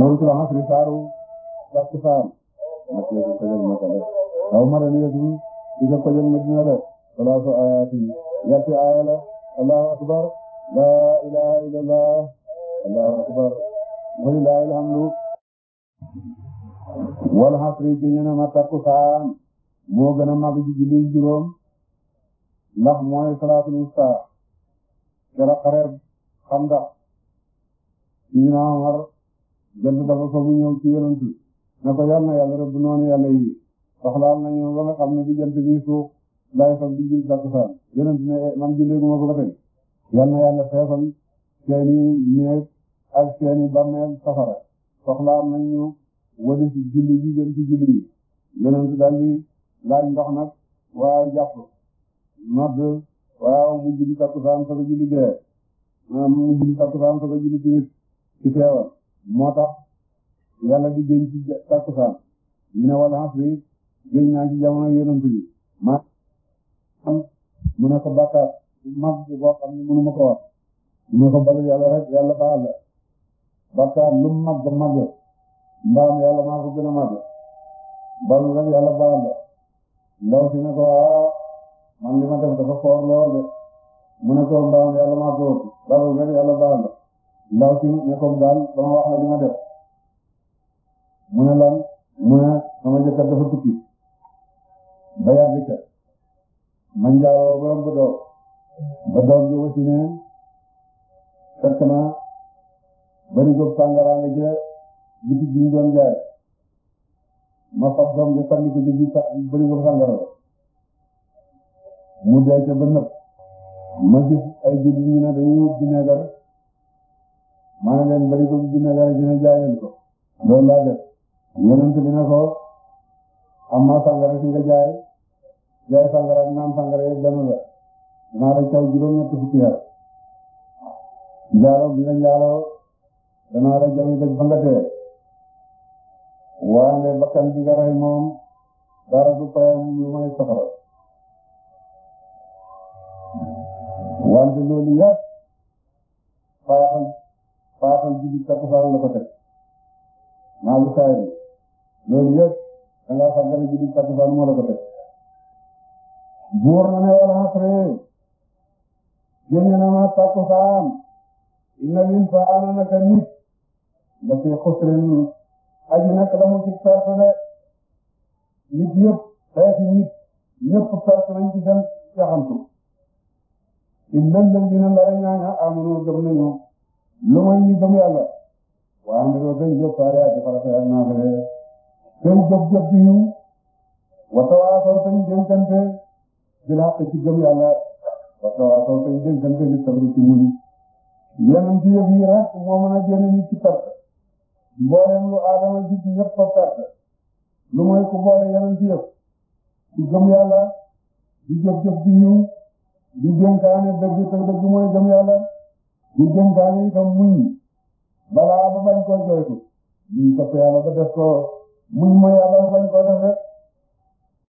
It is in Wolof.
moom ci la xasri saaru jàpp saam ma ci ko jël ma ko def aw ma leen yëg ci ko jël ma dina def salaasu ayaati ñetti aaya la laa ilaha illallah allahu akbar walillahi alhamdu wal xasri ci ma takku saam moo gën a mag ci julli juróom ndax mooy salaatul wusta keroog xareeb xam ndax jënd dafa fa mu ñëw ci yonent ne ko yal na yàlla rëbb noonu yàlla yi soxlaal nañu ba nga xam ne bi jant bi suuf laay fam bi ji takkusaan yonent ne eh, ji léeguma ko ba tey yal na yàlla feesal seeni néeg ak seeni bàmmeel safara soxlaal nañu wane ci julli bi gën ci julli yi yonent daal di laaj ndox nag ci teewal moo tax yàlla di géñ ci takkusaan ñu ne wal asri géñ naa ci jamono yonent bi ma mu ne ko bàkkaar mag bi rek yàlla baal la bàkkaar lu mag mag mbaam yàlla maa ko gën a mag balu rek si ne ko ah man li ma def dafa foor lool de mu ne ko mbaam yàlla maa ndaw si ne ko daal dama wax la li ma mu ne lan mu ne sama jëkkër dafa tukki ba yàgg ca ma njaaloo ba ba doom ba doom ji wasi ne fekk na bari góob sàngara nga ca bitig bi ñu doon jaay ma fab doom ji sànni ko ci biir bari góob sàngara mu dee ca ba nëpp ma gis ay jëli ñu ne dañuy wut bineegar ma ne leen bari ko dina dara dina jaay leen ko loolu laa def yonent bi ne ko am naa sangara si nga jaay jaay sangara ak naan sangara yëpp benn la naa la caw juróom-ñetti fukki at njaaroo bi nga njaaroo danaa la jami daj ba nga tee waaye bakkan bi nga rey moom dara du payam lu may safara wante loolu yëpp xel jibi takkusaan la ko teg maa bu saay bi loolu yëpp da ngaa fàggale jibi takkusaan moo la ko teg buur na ne wal asri génne na ma takkusaan inna linsaana naka nit da fi xusrin aji nak la mu ci perte de nit yëpp xeeti nit ñëpp perte nañ ci seen yaxantu in lëndëm dina ndara ñaaña amanu gëm nañu lu mooy ñu gëm yàlla waaye am na solo kay jëf saa ak farata ak naafile kay jëf jëf ci yiw wa tawaasaw sañ dénkante bil haqq ci gëm yàlla wa tawaasaw sañ dénkante bi sabri ci muñ yenn ci yëf yi rek moo mën a génn nit ci perte mbooleem lu aadama gis ñëpp fa perte lu mooy ku boole yenn ci yëf ku gëm yàlla di jëf jëf ci yiw di dénkaane dëgg te dëgg mooy gëm yàlla. di dénkaane itam muñ balaa ba bañ koo joytu ñu topp yàlla ba def ko muñ mooy yàlla bañ koo def rek